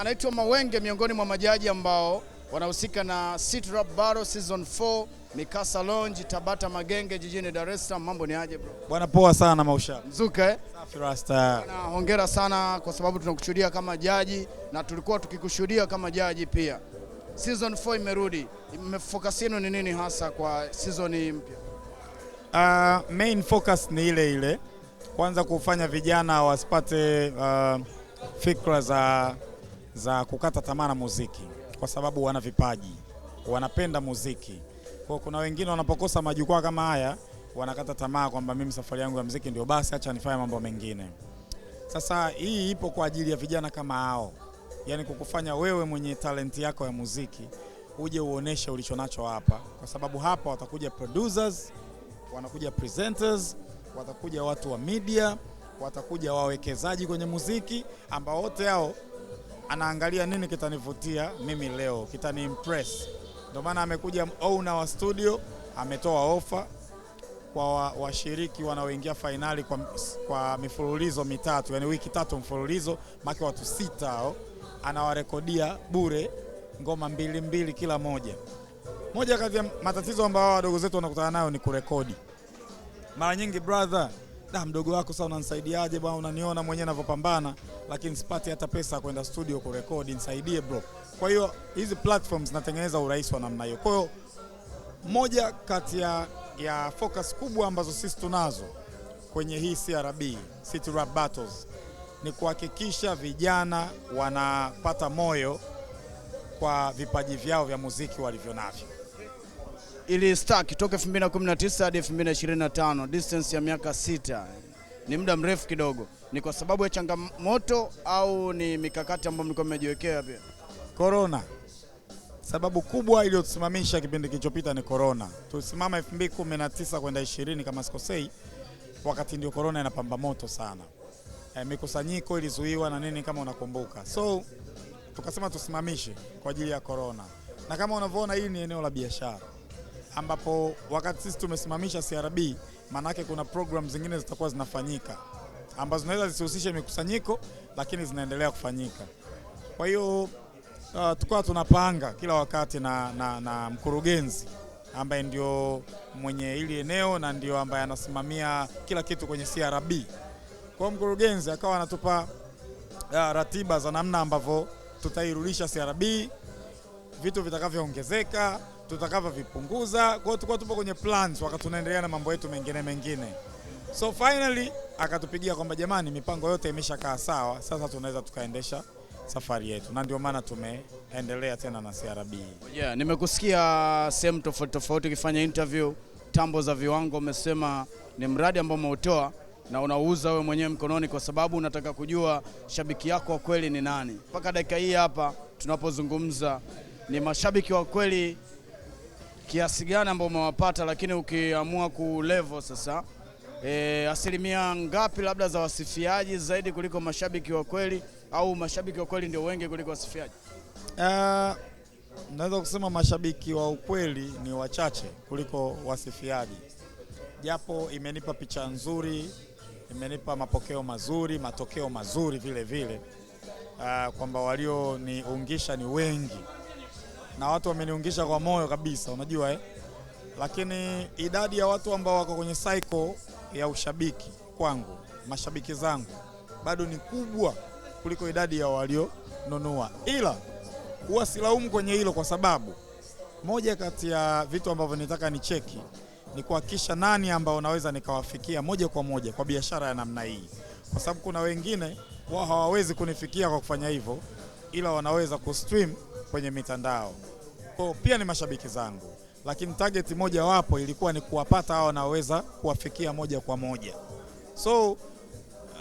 Anaitwa Mawenge, miongoni mwa majaji ambao wanahusika na City Rap Battle Season 4 Mikasa Lounge Tabata Magenge jijini Dar es Salaam. Mambo ni aje bro? Bwana poa sana mausha. Mzuka eh? Safi rasta. Na hongera sana kwa sababu tunakushuhudia kama jaji na tulikuwa tukikushuhudia kama jaji pia. Season 4 imerudi. Focus yenu ni nini hasa kwa season mpya? Uh, main focus ni ile ile. Kwanza kufanya vijana wasipate uh, fikra za za kukata tamaa na muziki, kwa sababu wana vipaji, wanapenda muziki. Kwa kuna wengine wanapokosa majukwaa kama haya wanakata tamaa kwamba mimi safari yangu ya muziki ndio basi, acha nifanye mambo mengine. Sasa hii ipo kwa ajili ya vijana kama hao, yaani kukufanya wewe mwenye talenti yako ya muziki uje uoneshe ulichonacho hapa, kwa sababu hapa watakuja producers, wanakuja presenters, watakuja watu wa media, watakuja wawekezaji kwenye muziki ambao wote hao anaangalia nini kitanivutia mimi leo, kitani impress. Ndio maana amekuja owner wa studio, ametoa ofa kwa washiriki wa wanaoingia fainali kwa, kwa mifululizo mitatu, yani wiki tatu mfululizo, maki watu sita hao anawarekodia bure ngoma mbili mbili kila moja. Moja kati ya matatizo ambayo wadogo zetu wanakutana nayo ni kurekodi mara nyingi brother da ah, mdogo wako sasa unanisaidiaje bwana, unaniona mwenyewe ninavyopambana, lakini sipati hata pesa kwenda studio kurekodi, nisaidie bro. Kwa hiyo hizi platforms zinatengeneza urahisi wa namna hiyo. Kwa hiyo moja kati ya, ya focus kubwa ambazo sisi tunazo kwenye hii CRB City Rap Battles ni kuhakikisha vijana wanapata moyo kwa vipaji vyao vya muziki walivyonavyo stack toka 2019 hadi 2025, distance ya miaka sita ni muda mrefu kidogo. Ni kwa sababu ya changamoto au ni mikakati ambayo mlikuwa mmejiwekea? Pia corona, sababu kubwa iliyotusimamisha kipindi kilichopita ni corona. Tulisimama 2019 kwenda 20 kama sikosei, wakati ndio corona inapamba moto sana. E, mikusanyiko ilizuiwa na nini kama unakumbuka, so tukasema tusimamishe kwa ajili ya corona, na kama unavyoona hili ni eneo la biashara ambapo wakati sisi tumesimamisha CRB, maanake kuna programu zingine zitakuwa zinafanyika ambazo zinaweza zisihusishe mikusanyiko, lakini zinaendelea kufanyika. Kwa hiyo uh, tukawa tunapanga kila wakati na, na, na mkurugenzi ambaye ndio mwenye hili eneo na ndio ambaye anasimamia kila kitu kwenye CRB. Kwa mkurugenzi akawa anatupa uh, ratiba za namna ambavyo tutairudisha CRB, vitu vitakavyoongezeka tutakavyovipunguza. Kwa hiyo tulikuwa tupo kwenye plans wakati tunaendelea na mambo yetu mengine mengine, so finally akatupigia kwamba jamani, mipango yote imeshakaa sawa, sasa tunaweza tukaendesha safari yetu, na ndio maana tumeendelea tena na CRB. Yeah, nimekusikia sehemu tofauti tofauti ukifanya interview, tambo za viwango, umesema ni mradi ambao umeutoa na unauza wewe mwenyewe mkononi, kwa sababu unataka kujua shabiki yako wa kweli ni nani. Mpaka dakika hii hapa tunapozungumza, ni mashabiki wa kweli kiasi gani ambao umewapata, lakini ukiamua kulevo sasa E, asilimia ngapi labda za wasifiaji zaidi kuliko mashabiki wa kweli au mashabiki wa kweli ndio wengi kuliko wasifiaji? Uh, naweza kusema mashabiki wa ukweli ni wachache kuliko wasifiaji, japo imenipa picha nzuri, imenipa mapokeo mazuri, matokeo mazuri vile vile, uh, kwamba walioniungisha ni wengi na watu wameniungisha kwa moyo kabisa, unajua eh? Lakini idadi ya watu ambao wako kwenye cycle ya ushabiki kwangu, mashabiki zangu bado ni kubwa kuliko idadi ya walionunua, ila huwa silaumu kwenye hilo, kwa sababu moja kati ya vitu ambavyo nitaka ni cheki ni kuhakikisha nani ambao naweza nikawafikia moja kwa moja kwa biashara ya namna hii, kwa sababu kuna wengine wao hawawezi kunifikia kwa kufanya hivyo, ila wanaweza kustream kwenye mitandao wapo pia ni mashabiki zangu, lakini target moja wapo ilikuwa ni kuwapata hao naweza kuwafikia moja kwa moja. So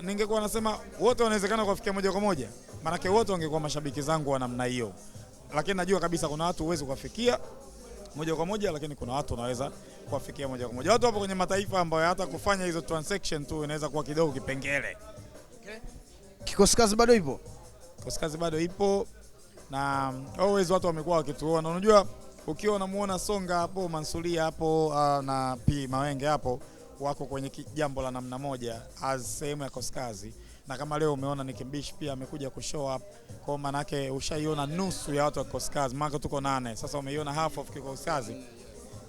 ningekuwa nasema wote wanawezekana kuwafikia moja kwa moja, maanake wote wangekuwa mashabiki zangu wa namna hiyo, lakini najua kabisa kuna watu huwezi kuwafikia moja kwa moja, lakini kuna watu wanaweza kuwafikia moja kwa moja. Watu wapo kwenye mataifa ambayo hata kufanya hizo transaction tu inaweza kuwa kidogo kipengele. Okay. Kikosi kazi bado ipo, kikosi kazi bado ipo na always watu wamekuwa wakituona. Unajua, ukiwa unamuona Songa hapo, Mansulia hapo uh, na P Mawenge hapo wako kwenye jambo la namna moja as sehemu ya koskazi na kama leo umeona Nikimbishi pia amekuja kushow up, kwa maana yake ushaiona nusu ya watu wa koskazi maana tuko nane sasa, umeiona half of Kosikazi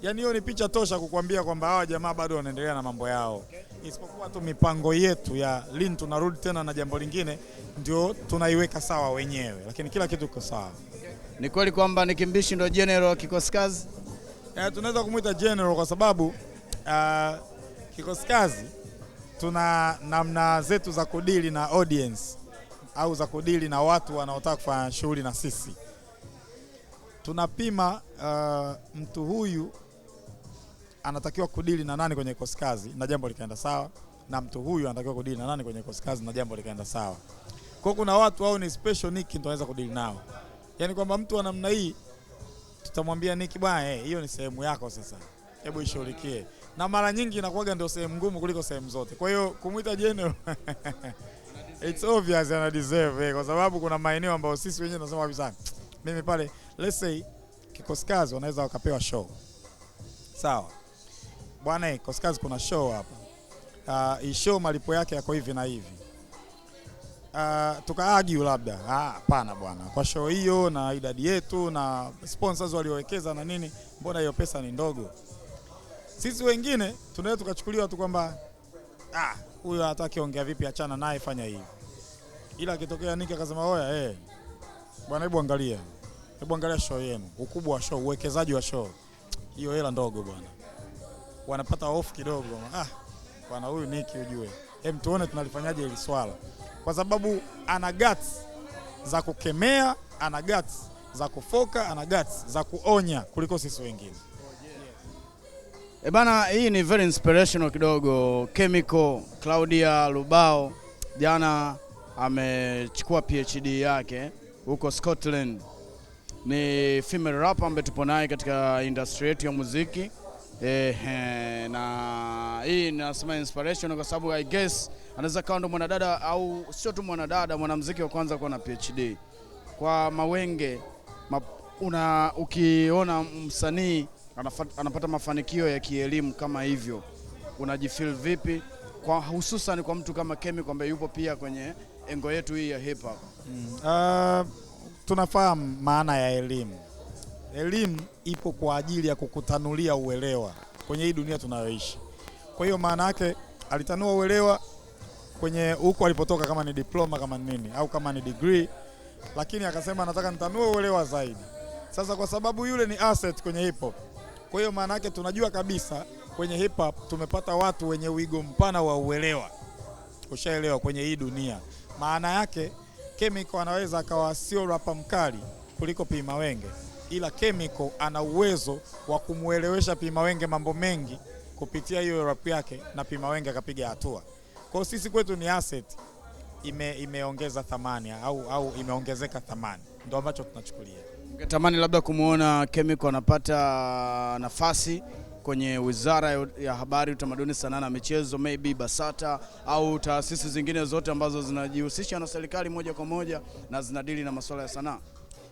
Yaani hiyo ni picha tosha kukuambia kwamba hawa jamaa bado wanaendelea na mambo yao, isipokuwa tu mipango yetu ya lini tunarudi tena na jambo lingine ndio tunaiweka sawa wenyewe, lakini kila kitu kiko sawa. Ni kweli kwamba ni Kimbishi ndio general kikosi kazi eh, tunaweza kumwita general kwa sababu uh, kikosi kazi tuna namna zetu za kudili na audience au za kudili na watu wanaotaka kufanya shughuli na sisi tunapima uh, mtu huyu anatakiwa kudili na nani kwenye kikosi kazi na jambo likaenda sawa, na mtu huyu anatakiwa kudili na nani kwenye kikosi kazi na jambo likaenda sawa. Kwa kuna watu wao ni special Nick ndio anaweza kudili nao, yani kwamba mtu wa namna hii tutamwambia Nick bwana, eh, hiyo ni sehemu yako sasa, hebu ishughulikie, na mara nyingi inakuwaga ndio sehemu ngumu kuliko sehemu zote. Kwa hiyo kumuita general It's obvious ana deserve eh, kwa sababu kuna maeneo ambayo sisi wenyewe tunasema kabisa, mimi pale let's say kikosi kazi wanaweza wakapewa show sawa bwana, Kosikazi kuna show hapa. Uh, hii show malipo yake yako hivi na hivi. Uh, ah, tukaagiu labda ah, hapana, ah, bwana, kwa show hiyo na idadi yetu na sponsors waliowekeza na nini, mbona hiyo pesa ni ndogo? Sisi wengine tunaweza tukachukuliwa tu kwamba ah, huyo hataki ongea, vipi, achana naye, fanya hivi. Ila akitokea niki akasema oya, eh, bwana, hebu angalia, hebu angalia show yenu, ukubwa wa show, uwekezaji wa show, hiyo hela ndogo bwana wanapata hofu kidogo, ah, bwana huyu Niki ujue, hem, tuone tunalifanyaje hili swala, kwa sababu ana guts za kukemea, ana guts za kufoka, ana guts za kuonya kuliko sisi wengine. E bana, hii ni very inspirational kidogo. Chemical Claudia Lubao jana amechukua PhD yake huko Scotland, ni female rapper ambaye tupo naye katika industry yetu ya muziki. Ehe, na hii nasema inspiration kwa sababu I guess anaweza kawa ndo mwanadada au sio tu mwanadada, mwanamuziki wa kwanza kuwa na PhD kwa Mawenge ma, una ukiona msanii anapata mafanikio ya kielimu kama hivyo, unajifeel vipi, kwa hususan kwa mtu kama Kemi ambaye yupo pia kwenye engo yetu hii ya hip hop? Mm. Uh, tunafahamu maana ya elimu Elimu ipo kwa ajili ya kukutanulia uelewa kwenye hii dunia tunayoishi. Kwa hiyo maana yake alitanua uelewa kwenye huko alipotoka, kama ni diploma, kama nini au kama ni degree, lakini akasema nataka nitanue uelewa zaidi. Sasa kwa sababu yule ni asset kwenye hip hop, kwa hiyo maana yake tunajua kabisa kwenye hip hop tumepata watu wenye wigo mpana wa uelewa, ushaelewa kwenye hii dunia. Maana yake Chemical anaweza akawa sio rapa mkali kuliko Pima Wenge ila Chemical ana uwezo wa kumwelewesha Pima Wenge mambo mengi kupitia hiyo rap yake, na Pima Wenge akapiga hatua. Kwa sisi kwetu ni asset ime, imeongeza thamani au, au imeongezeka thamani, ndio ambacho tunachukulia. Ungetamani labda kumwona Chemical anapata nafasi kwenye Wizara ya Habari, Utamaduni, Sanaa na Michezo, maybe BASATA au taasisi zingine zote ambazo zinajihusisha na serikali moja kwa moja na zinadili na masuala ya sanaa.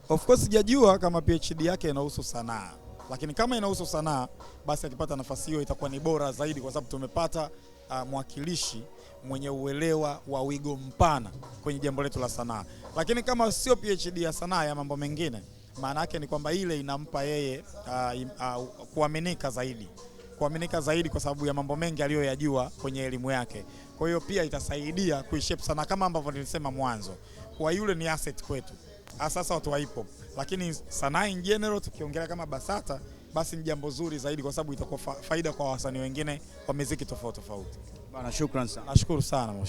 Of course sijajua kama PhD yake inahusu sanaa, lakini kama inahusu sanaa, basi akipata nafasi hiyo itakuwa ni bora zaidi, kwa sababu tumepata uh, mwakilishi mwenye uelewa wa wigo mpana kwenye jambo letu la sanaa. Lakini kama sio PhD ya sanaa ya mambo mengine, maana yake ni kwamba ile inampa yeye uh, uh, kuaminika zaidi kuaminika zaidi kwa sababu ya mambo mengi aliyoyajua kwenye elimu yake. Kwa hiyo pia itasaidia kuishape sana, kama ambavyo nilisema mwanzo, kwa yule ni asset kwetu. Ah, sasa watu waipo, lakini sanaa in general tukiongelea kama Basata basi ni jambo zuri zaidi kwa sababu itakuwa faida kwa wasanii wengine wa muziki tofauti tofauti. Bana, shukrani sana. Nashukuru sana.